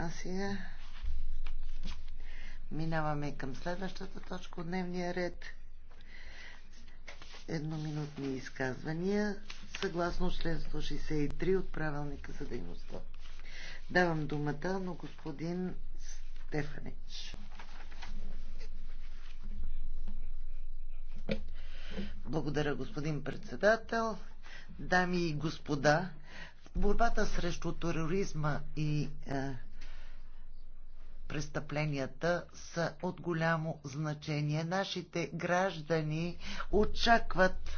А минаваме към следващата точка от дневния ред. Едноминутни изказвания съгласно член 163 от правилника за дейността. Давам думата на господин Стефанич. Благодаря, господин председател. Дами и господа, борбата срещу тероризма и е, престъпленията са от голямо значение. Нашите граждани очакват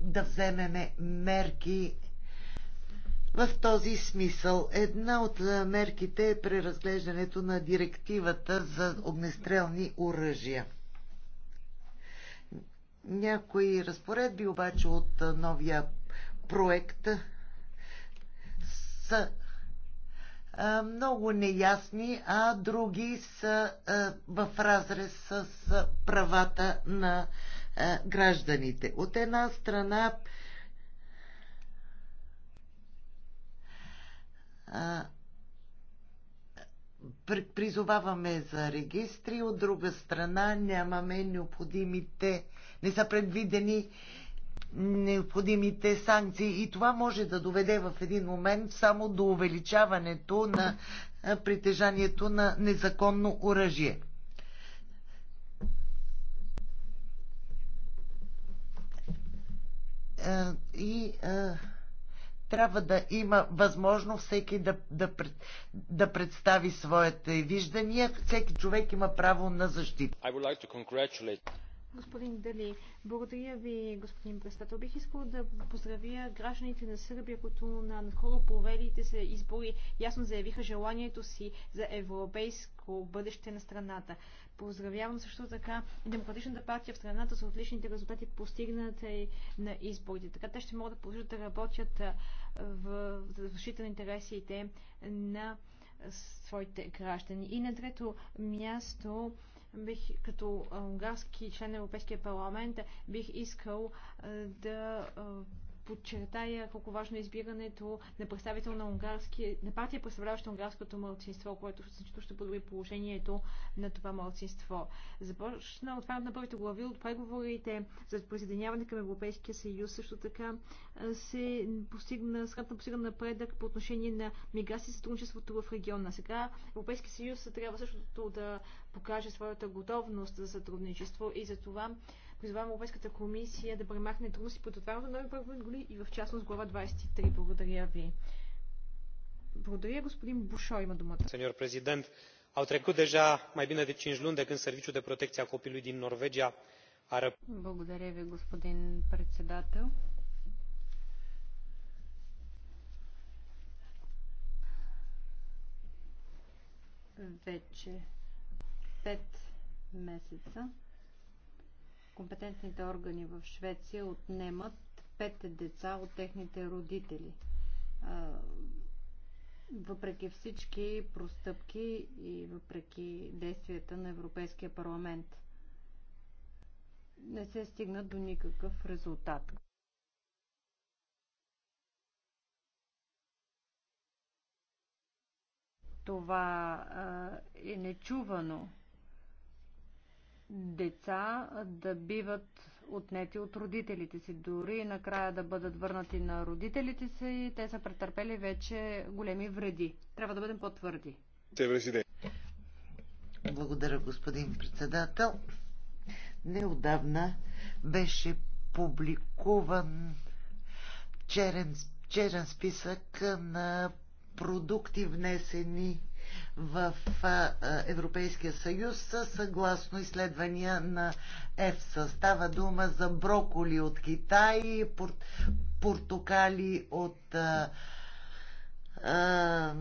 да вземеме мерки в този смисъл. Една от мерките е преразглеждането на директивата за огнестрелни оръжия. Някои разпоредби обаче от новия проект са много неясни, а други са в разрез с правата на гражданите. От една страна призоваваме за регистри, от друга страна нямаме необходимите, не са предвидени необходимите санкции. И това може да доведе в един момент само до увеличаването на притежанието на незаконно оръжие. И трябва да има възможно всеки да, да, да представи своите виждания. Всеки човек има право на защита. Господин Дали, благодаря ви, господин председател. Бих искал да поздравя гражданите на Сърбия, които на наскоро проведите се избори ясно заявиха желанието си за европейско бъдеще на страната. Поздравявам също така Демократичната партия в страната с отличните резултати постигнати на изборите. Така те ще могат да продължат да работят в защита на интересите на своите граждани. И на трето място бих, като унгарски член на Европейския парламент бих искал да подчертая колко важно е избирането на представител на, унгарски, на партия, представляваща унгарското младсинство, което значително ще подобри положението на това младсинство. Започна от на първите глави от преговорите за присъединяване към Европейския съюз. Също така се постигна, скратно постигна напредък по отношение на миграция и сътрудничеството в региона. Сега Европейския съюз трябва същото да покаже своята готовност за сътрудничество и за това Призвавам Европейската комисия да премахне трудности по отварянето на нови голи и в частност глава 23. Благодаря ви. Благодаря, господин Бушо има думата. Сеньор президент, au trecut deja mai bine de 5 luni de când Serviciul de Protecție a Copilului din Norvegia a Благодаря ви, господин председател. Вече 5 месеца компетентните органи в Швеция отнемат пет деца от техните родители. Въпреки всички простъпки и въпреки действията на Европейския парламент не се стигна до никакъв резултат. Това е нечувано деца да биват отнети от родителите си, дори и накрая да бъдат върнати на родителите си, те са претърпели вече големи вреди. Трябва да бъдем по-твърди. Благодаря, господин председател. Неодавна беше публикуван черен, черен списък на продукти внесени в Европейския съюз, съгласно изследвания на ЕФСА. Става дума за броколи от Китай, пор... портокали от а, а,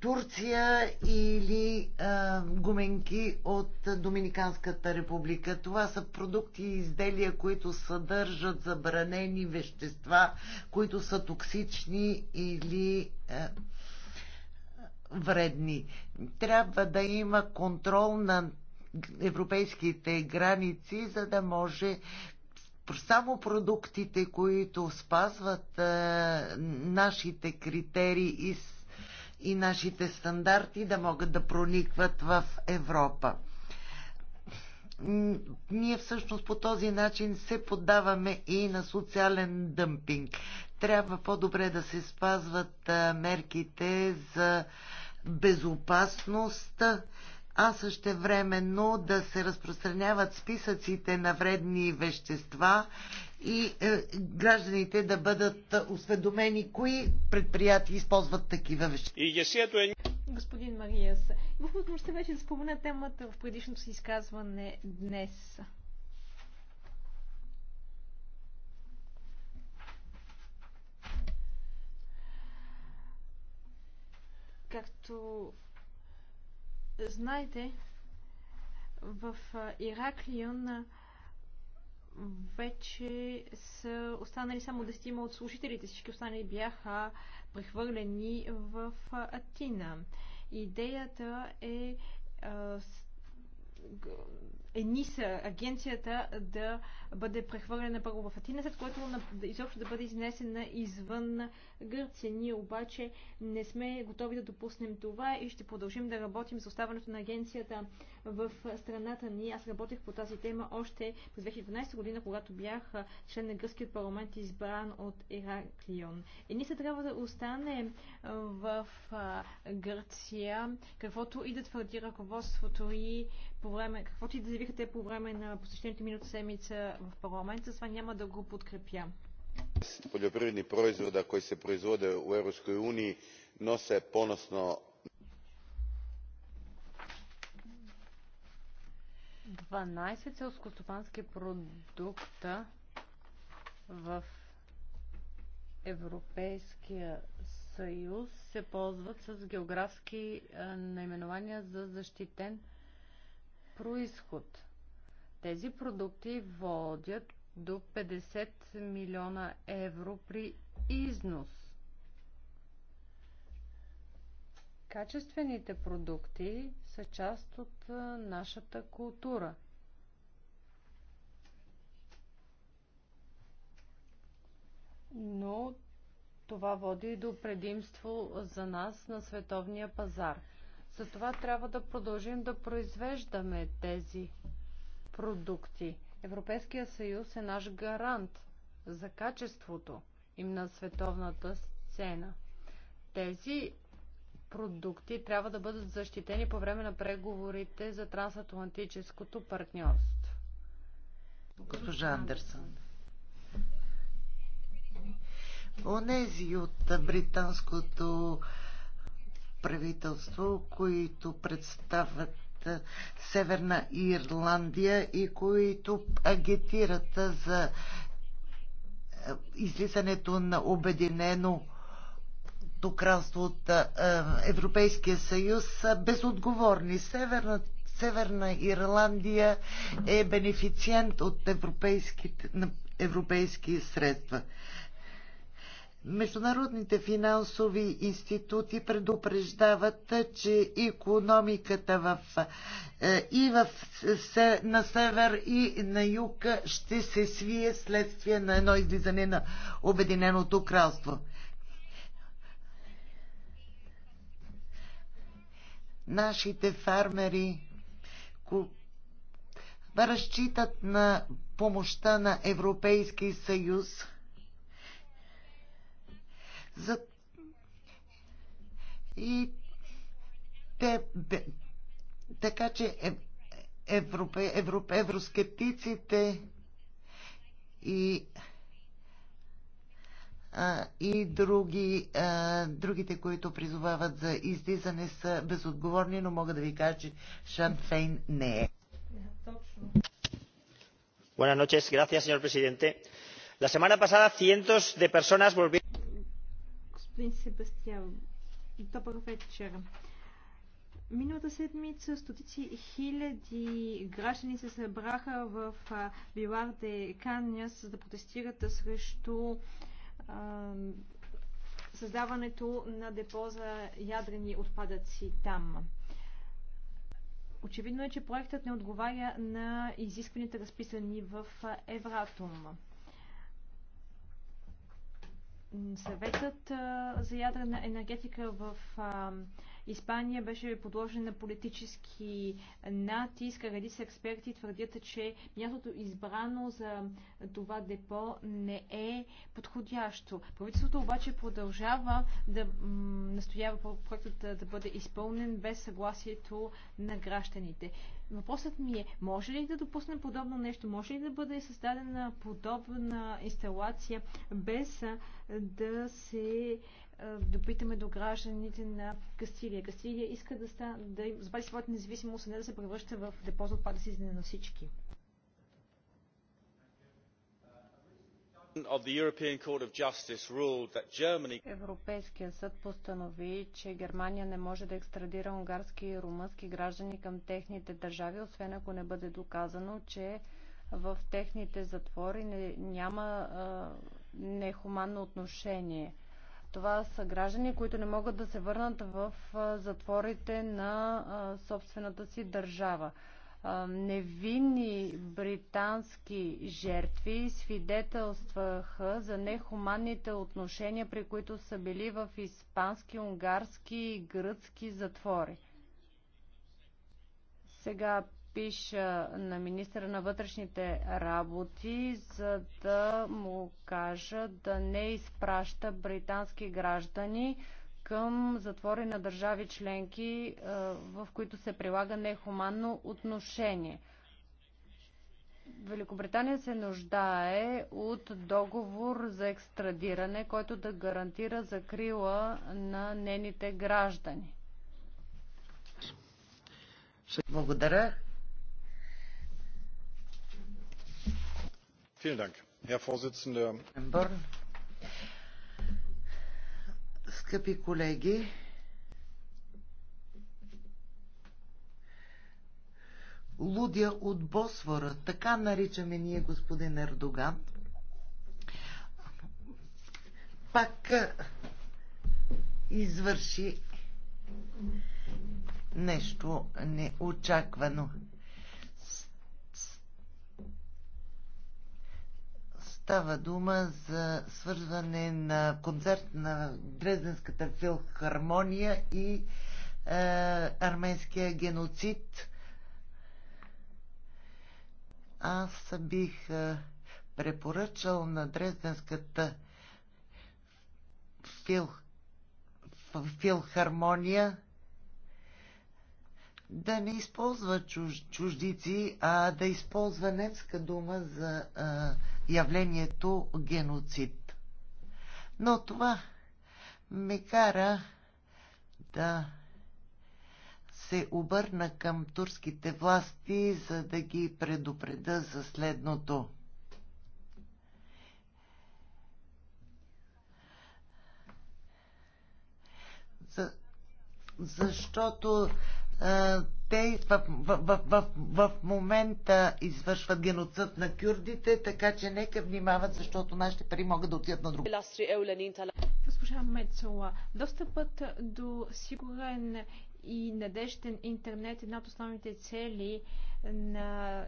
Турция или а, гуменки от Доминиканската република. Това са продукти и изделия, които съдържат забранени вещества, които са токсични или. А, вредни. Трябва да има контрол на европейските граници, за да може само продуктите, които спазват а, е, нашите критерии и, и нашите стандарти, да могат да проникват в Европа. Ние всъщност по този начин се поддаваме и на социален дъмпинг трябва по-добре да се спазват мерките за безопасност, а също времено да се разпространяват списъците на вредни вещества и е, гражданите да бъдат осведомени кои предприятия използват такива вещества. Е- Господин Мариас, възможността вече да спомена темата в предишното си изказване днес. Както знаете, в Ираклион вече са останали само дестима от служителите. Всички останали бяха прехвърлени в Атина. Идеята е ЕНИСА, е агенцията, да бъде прехвърлена първо в Атина, след което изобщо да бъде изнесена извън Гърция. Ние обаче не сме готови да допуснем това и ще продължим да работим за оставането на агенцията в страната ни. Аз работех по тази тема още през 2012 година, когато бях член на гръцкият парламент, избран от Ираклион. ЕНИСА трябва да остане в Гърция, каквото и да твърди ръководството и по време, каквото и да заявиха те по време на посещението миналата седмица в парламента, затова няма да го подкрепя. Poljoprivredni производа, koji се proizvode в Europskoj uniji nose поносно Дванайсет селскостопански продукта в Европейския съюз се ползват с географски наименования за защитен происход. Тези продукти водят до 50 милиона евро при износ. Качествените продукти са част от нашата култура. Но това води до предимство за нас на световния пазар – затова трябва да продължим да произвеждаме тези продукти. Европейския съюз е наш гарант за качеството им на световната сцена. Тези продукти трябва да бъдат защитени по време на преговорите за трансатлантическото партньорство. Госпожа Андерсон. Онези от британското правителство, които представят Северна Ирландия и които агитират за излизането на Обединено кралство от Европейския съюз са безотговорни. Северна, Северна Ирландия е бенефициент от европейските, европейски средства. Международните финансови институти предупреждават, че економиката в, е, и в, на север и на юг ще се свие следствие на едно излизане на Обединеното кралство. Нашите фармери разчитат на помощта на Европейски съюз – за... И те, бе, така че европе, европе, евроскептиците и, а, и други, а, другите, които призовават за излизане, са безотговорни, но мога да ви кажа, че Шанфейн не е. Buenas noches, gracias, señor presidente. La semana pasada cientos de personas volvieron господин Себастиан. Добър е вечер. Миналата седмица стотици хиляди граждани се събраха в Вилар де Каняс, за да протестират срещу а, създаването на депо за ядрени отпадъци там. Очевидно е, че проектът не отговаря на изискванията, разписани в Евратум. Съветът за ядрена енергетика в Испания беше подложен на политически натиск. Редица експерти твърдят, че мястото избрано за това депо не е подходящо. Правителството обаче продължава да настоява проектът да бъде изпълнен без съгласието на гражданите. Въпросът ми е, може ли да допуснем подобно нещо? Може ли да бъде създадена подобна инсталация без да се допитаме до гражданите на Кастилия. Кастилия иска да, ста, да запази своята независимост, а не да се превръща в депо за отпадъци на всички. Европейският съд постанови, че Германия не може да екстрадира унгарски и румънски граждани към техните държави, освен ако не бъде доказано, че в техните затвори не, няма а, нехуманно отношение. Това са граждани, които не могат да се върнат в затворите на а, собствената си държава невинни британски жертви свидетелстваха за нехуманните отношения, при които са били в испански, унгарски и гръцки затвори. Сега пиша на министра на вътрешните работи, за да му кажа да не изпраща британски граждани към затвори на държави членки, в които се прилага нехуманно отношение. Великобритания се нуждае от договор за екстрадиране, който да гарантира закрила на нените граждани. Благодаря. Благодаря. Благодаря. Скъпи колеги, лудя от Босфора, така наричаме ние господин Ердоган, пак извърши нещо неочаквано. Става дума за свързване на концерт на Дрезденската филхармония и е, арменския геноцид. Аз бих е, препоръчал на Дрезденската фил, филхармония да не използва чуж, чуждици, а да използва немска дума за е, явлението геноцид. Но това ме кара да се обърна към турските власти, за да ги предупреда за следното. За, защото те в, в, в, в, в момента извършват геноцид на кюрдите, така че нека внимават, защото нашите пари могат да отидат на друго. Госпожа Мецова, достъпът до сигурен и надежден интернет е една от основните цели на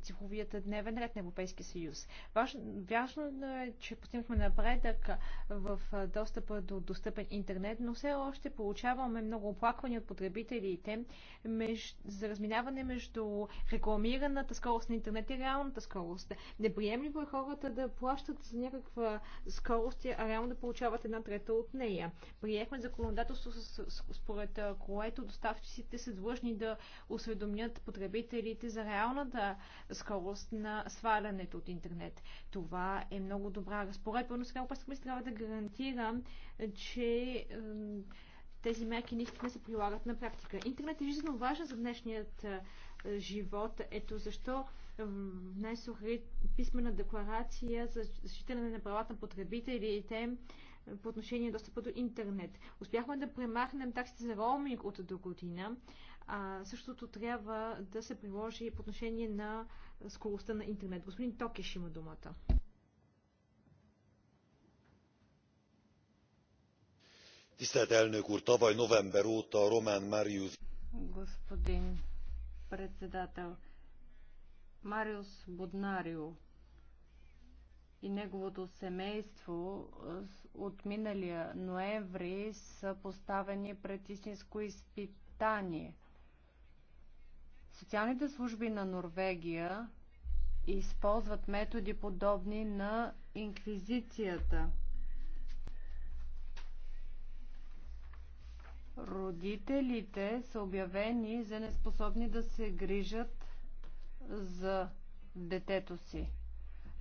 цифровият дневен ред на Европейския съюз. Важно, важно е, че постигнахме напредък в достъпа до достъпен интернет, но все още получаваме много оплаквания от потребителите меж, за разминаване между рекламираната скорост на интернет и реалната скорост. Неприемливо е хората да плащат за някаква скорост, а реално да получават една трета от нея. Приехме законодателство, според което доставчиците са длъжни да осведомят потребителите за реалната скорост на свалянето от интернет. Това е много добра разпоредба, но сега обаче трябва да гарантира, че тези мерки наистина се прилагат на практика. Интернет е жизненно важен за днешният е, живот. Ето защо внесох писмена декларация за защитане на правата на потребителите е, по отношение на достъпа до интернет. Успяхме да премахнем таксите за роуминг от до година а, същото трябва да се приложи по отношение на скоростта на интернет. Господин Токеш има думата. Господин председател, Мариус Буднарио и неговото семейство от миналия ноември са поставени пред истинско изпитание – Социалните служби на Норвегия използват методи подобни на инквизицията. Родителите са обявени за неспособни да се грижат за детето си.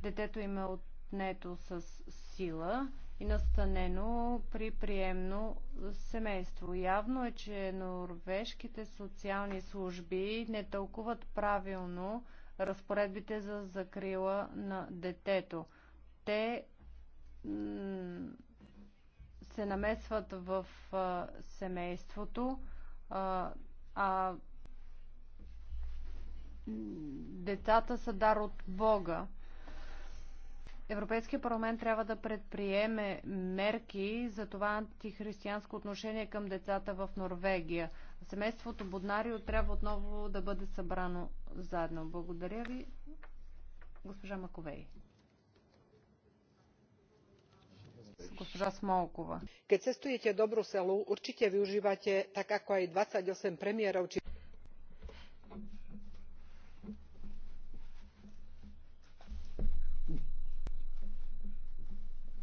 Детето им е отнето с сила и настанено при приемно семейство. Явно е, че норвежките социални служби не тълкуват правилно разпоредбите за закрила на детето. Те се намесват в а, семейството, а, а децата са дар от Бога. Европейския парламент трябва да предприеме мерки за това антихристиянско отношение към децата в Норвегия. Семейството Боднарио трябва отново да бъде събрано заедно. Благодаря ви, госпожа Маковей. Госпожа Смолкова. Keď cestujete do Bruselu, určite využívate tak ako aj 28 премиера či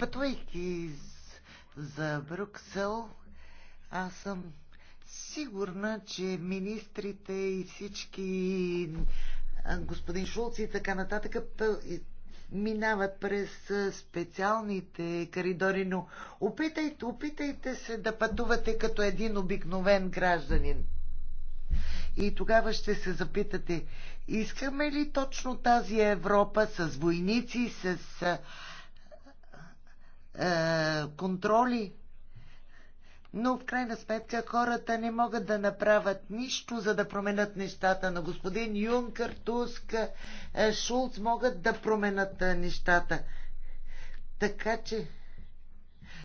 пътувайки за Брюксел, аз съм сигурна, че министрите и всички господин Шулц и така нататък минават през специалните коридори, но опитайте, опитайте се да пътувате като един обикновен гражданин. И тогава ще се запитате, искаме ли точно тази Европа с войници, с е, контроли. Но в крайна сметка хората не могат да направят нищо, за да променят нещата на господин Юнкър, Туск, е, Шулц могат да променят е, нещата. Така че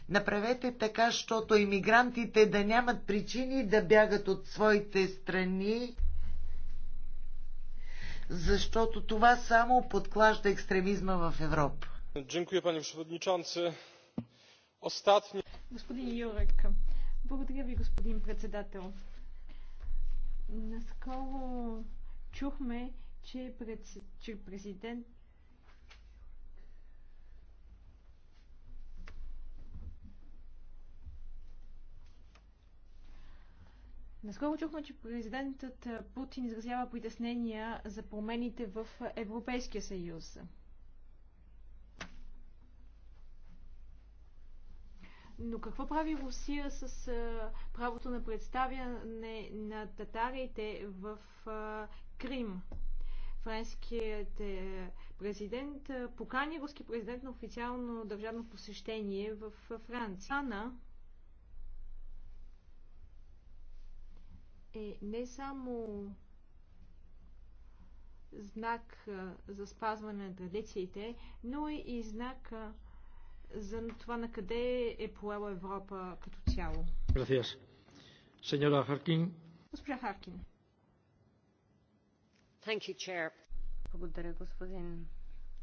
направете така, защото иммигрантите да нямат причини да бягат от своите страни, защото това само подклажда екстремизма в Европа. Dziękuję panie przewodniczący. Остатни... Господин Юрек, благодаря ви, господин председател. Наскоро чухме, че, пред, че президент Наскоро чухме, че президентът Путин изразява притеснения за промените в Европейския съюз. Но какво прави Русия с а, правото на представяне на татарите в а, Крим? Френският е, президент а, покани руски президент на официално държавно посещение в а, Франция. Ана е не само знак а, за спазване на традициите, но и знак а, за това на къде е поела Европа като цяло. Gracias. Señora Харкин. Госпожа Харкин. Thank you, Chair. Благодаря, господин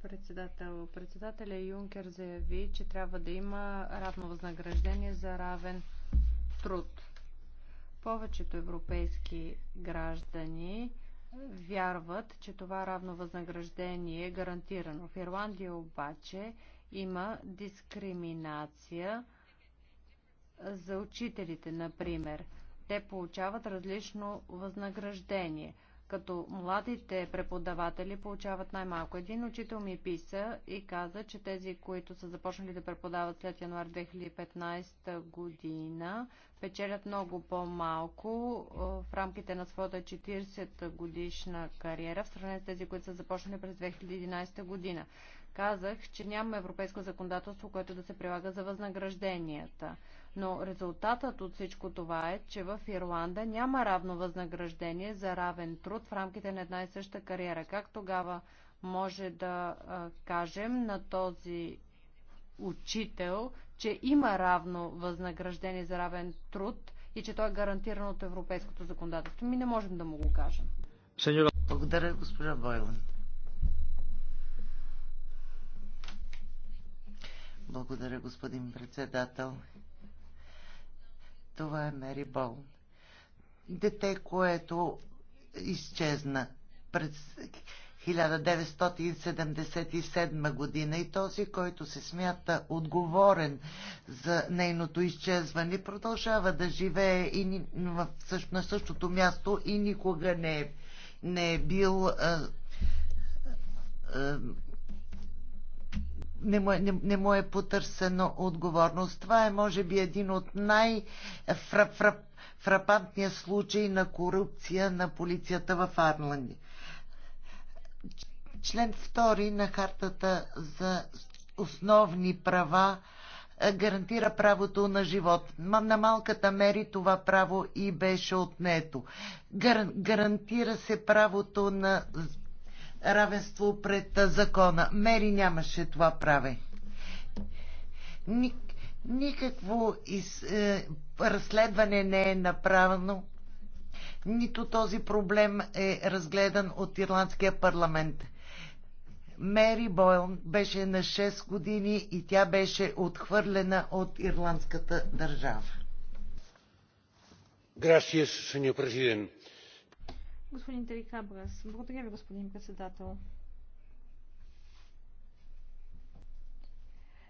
председател. Председателя Юнкер заяви, че трябва да има равно възнаграждение за равен труд. Повечето европейски граждани вярват, че това равно възнаграждение е гарантирано. В Ирландия обаче има дискриминация за учителите, например. Те получават различно възнаграждение – като младите преподаватели получават най-малко. Един учител ми писа и каза, че тези, които са започнали да преподават след януар 2015 година, печелят много по-малко в рамките на своята 40 годишна кариера в сравнение с тези, които са започнали през 2011 година. Казах, че няма европейско законодателство, което да се прилага за възнагражденията. Но резултатът от всичко това е, че в Ирланда няма равно възнаграждение за равен труд в рамките на една и съща кариера. Как тогава може да кажем на този учител, че има равно възнаграждение за равен труд и че той е гарантиран от европейското законодателство. Ми не можем да му го кажем. Благодаря, госпожа Бойланд. Благодаря, господин председател. Това е Мери Болн. Дете, което изчезна през 1977 година и този, който се смята отговорен за нейното изчезване, продължава да живее и на същото място и никога не е, не е бил а, а, не му, е, не, не му е потърсено отговорност. Това е, може би, един от най-фрапантния случай на корупция на полицията в Арланди. Член 2 на Хартата за основни права е, гарантира правото на живот. На малката мери това право и беше отнето. Гарантира се правото на равенство пред закона. Мери нямаше това праве. Ник, никакво из, е, разследване не е направено. Нито този проблем е разгледан от Ирландския парламент. Мери Бойл беше на 6 години и тя беше отхвърлена от ирландската държава. Gracias, señor presidente Господин Терикабрас, благодаря ви, господин председател.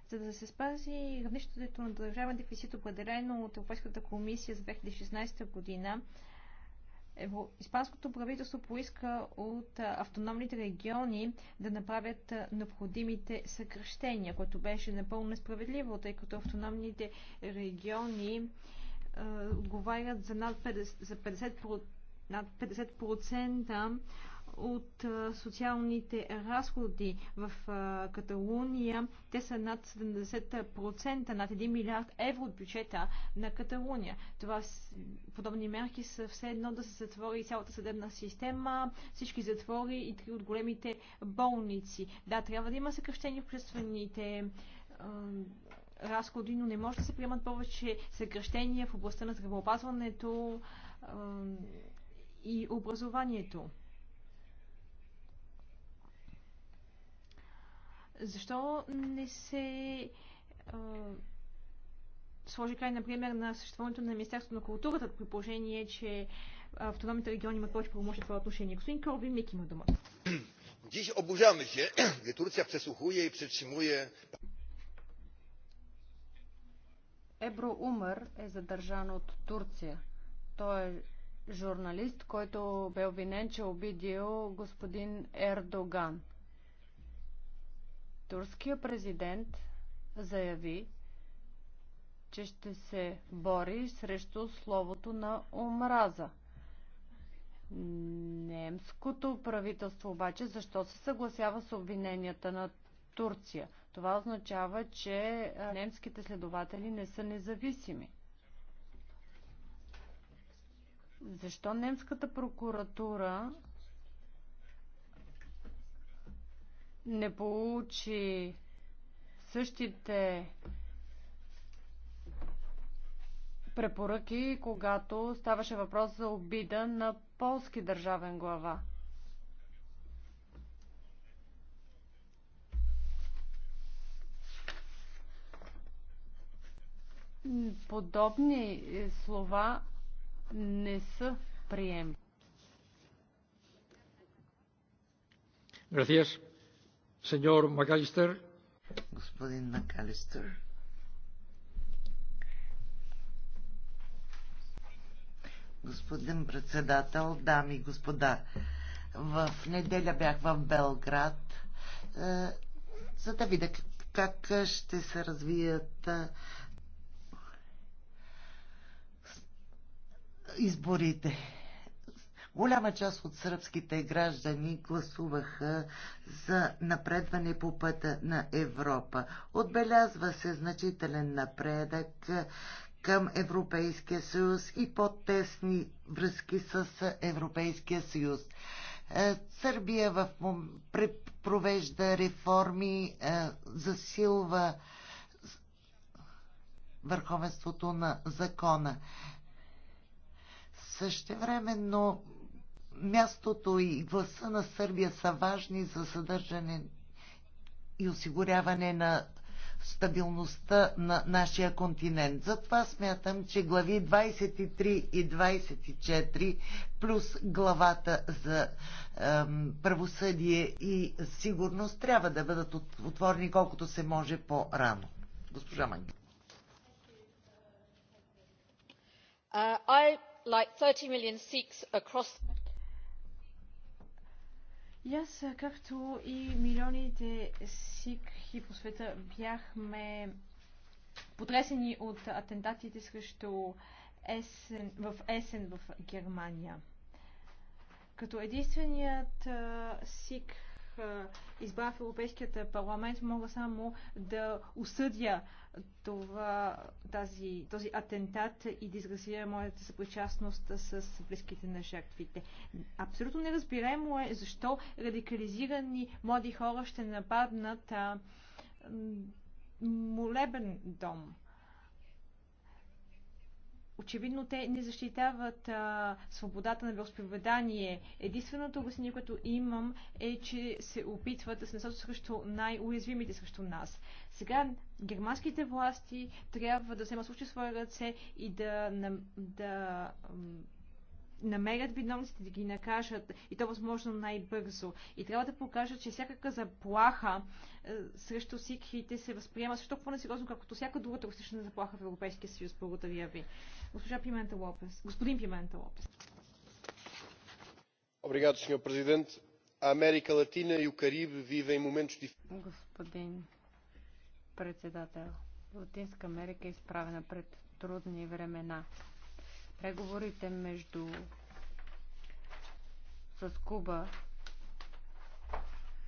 За да се спази равнището на държавен дефицит, определено от Европейската комисия за 2016 година, Евро... Испанското правителство поиска от автономните региони да направят необходимите съкръщения, което беше напълно несправедливо, тъй като автономните региони отговарят за над 50, за 50 над 50% от социалните разходи в Каталуния. Те са над 70%, над 1 милиард евро от бюджета на Каталуния. Това, подобни мерки са все едно да се затвори цялата съдебна система, всички затвори и три от големите болници. Да, трябва да има съкръщение в обществените разходи, но не може да се приемат повече съкръщения в областта на здравеопазването, и образованието. Защо не се а, сложи край, например, на съществуването на Министерството на културата, при положение, че автономните региони имат повече правомощи в това отношение? Господин Корби, Мик има дума. Dziś обожаваме, się, gdy Turcja przesłuchuje i przetrzymuje... Умър е задържан от Турция. Той е журналист, който бе обвинен, че е обидил господин Ердоган. Турския президент заяви, че ще се бори срещу словото на омраза. Немското правителство обаче защо се съгласява с обвиненията на Турция? Това означава, че немските следователи не са независими. Защо немската прокуратура не получи същите препоръки, когато ставаше въпрос за обида на полски държавен глава? Подобни слова не са прием. Gracias. Señor McAllister. Господин Макалистър. Господин председател, дами и господа, в неделя бях в Белград, е, за да видя как ще се развият е, изборите. Голяма част от сръбските граждани гласуваха за напредване по пъта на Европа. Отбелязва се значителен напредък към Европейския съюз и по-тесни връзки с Европейския съюз. Е, Сърбия в провежда реформи, е, засилва върховенството на закона. Същевременно мястото и гласа на Сърбия са важни за съдържане и осигуряване на стабилността на нашия континент. Затова смятам, че глави 23 и 24 плюс главата за ем, правосъдие и сигурност трябва да бъдат отворени колкото се може по-рано. Госпожа Манги. Uh, I like thirty million Sikhs across и аз, както и милионите сикхи по света, бяхме потресени от атентатите срещу есен, в Есен в Германия. Като единственият сик избра в Европейският парламент, мога само да осъдя това, тази, този атентат и да изразя моята съпричастност с близките на жертвите. Абсолютно неразбираемо е защо радикализирани млади хора ще нападнат а, молебен дом очевидно те не защитават а, свободата на вероисповедание. Единственото обяснение, което имам е, че се опитват да се насочат срещу най-уязвимите срещу нас. Сега германските власти трябва да вземат случай в своя ръце и да, да, да намерят виновниците, да ги накажат и то възможно най-бързо. И трябва да покажат, че всякаква заплаха е, срещу сикхите се възприема също толкова несериозно, както всяка друга туристична заплаха в Европейския съюз. Благодаря ви. Госпожа Пимента Лопес. Господин Пимента Лопес. Обригато, сеньор президент. Америка Латина и Укариб o и vivem Господин председател, Латинска Америка е изправена пред трудни времена. Преговорите между с Куба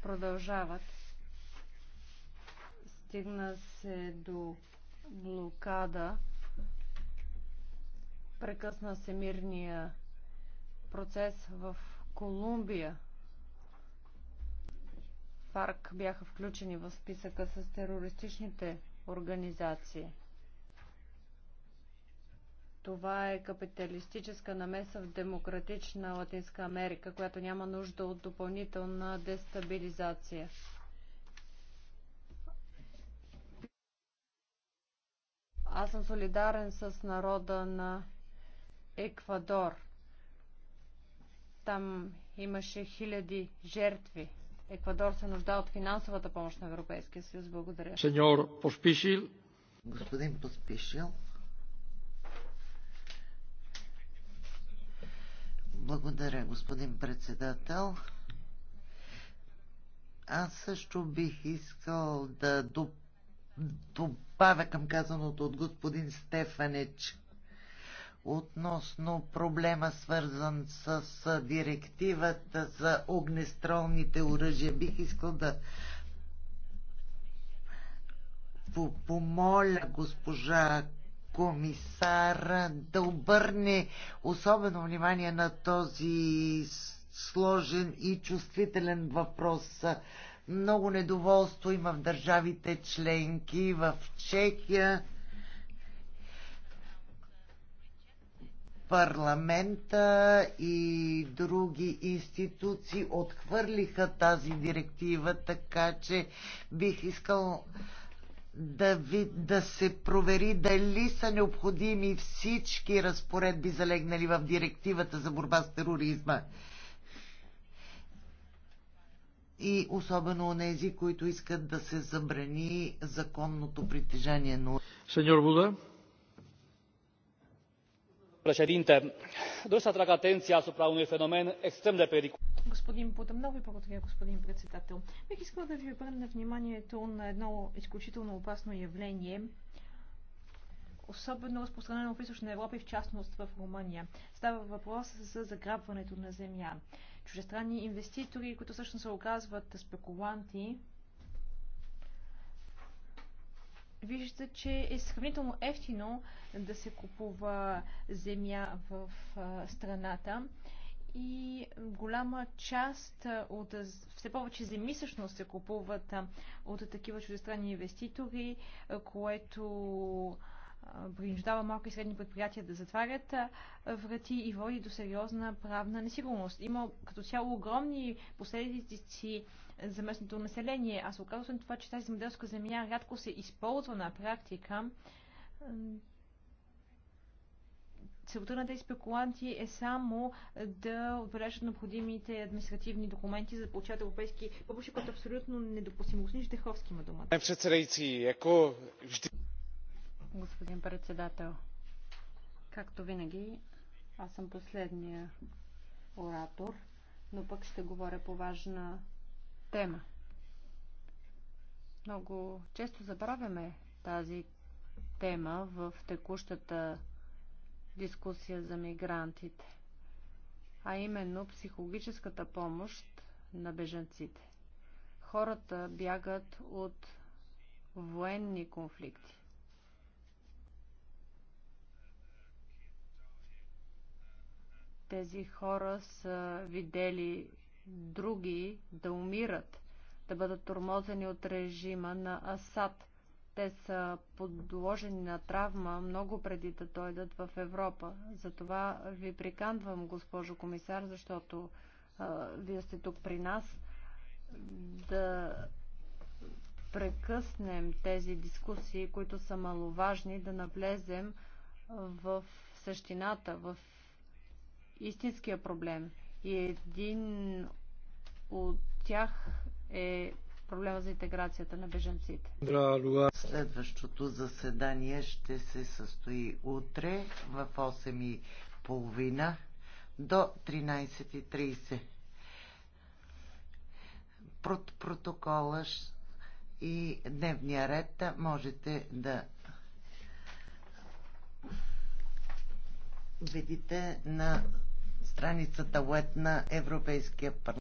продължават. Стигна се до блокада Прекъсна семирния процес в Колумбия. ФАРК бяха включени в списъка с терористичните организации. Това е капиталистическа намеса в демократична Латинска Америка, която няма нужда от допълнителна дестабилизация. Аз съм солидарен с народа на Еквадор. Там имаше хиляди жертви. Еквадор се нужда от финансовата помощ на Европейския съюз. Благодаря. Сеньор Поспишил. Господин Поспишил. Благодаря, господин председател. Аз също бих искал да добавя към казаното от господин Стефанич относно проблема свързан с директивата за огнестролните оръжия. Бих искал да помоля госпожа комисара да обърне особено внимание на този сложен и чувствителен въпрос. Много недоволство има в държавите членки, в Чехия. парламента и други институции отхвърлиха тази директива, така че бих искал да, ви, да се провери дали са необходими всички разпоредби, залегнали в директивата за борба с тероризма. И особено у нези, които искат да се забрани законното притежание на... Сеньор Буда președinte doresc să atrag atenția asupra unui fenomen extrem de periculos господин Много благодаря, господин председател. Бих да ви обърна вниманието на едно изключително опасно явление, особено разпространено в Източна Европа и в частност в Румъния. Става въпрос за заграбването на земя. Чужестранни инвеститори, които всъщност се оказват спекуланти, вижда, че е сравнително ефтино да се купува земя в страната и голяма част от все повече земи всъщност се купуват от такива чуждестранни инвеститори, което принуждава малки и средни предприятия да затварят врати и води до сериозна правна несигурност. Има като цяло огромни последици за местното население. Аз оказвам това, че тази земеделска земя рядко се използва на практика. Целта на тези спекуланти е само да отбележат необходимите административни документи за да получат европейски помощи, което е абсолютно недопустимо. Господин Ждеховски има думата господин председател. Както винаги, аз съм последния оратор, но пък ще говоря по важна тема. Много често забравяме тази тема в текущата дискусия за мигрантите, а именно психологическата помощ на бежанците. Хората бягат от военни конфликти Тези хора са видели други да умират, да бъдат тормозени от режима на Асад. Те са подложени на травма много преди да дойдат в Европа. Затова ви приканвам, госпожо комисар, защото а, вие сте тук при нас, да прекъснем тези дискусии, които са маловажни, да навлезем в същината, в истинския проблем. И един от тях е проблема за интеграцията на беженците. Следващото заседание ще се състои утре в 8.30 до 13.30. Прот протокола и дневния ред можете да видите на страницата web на Европейския парламент.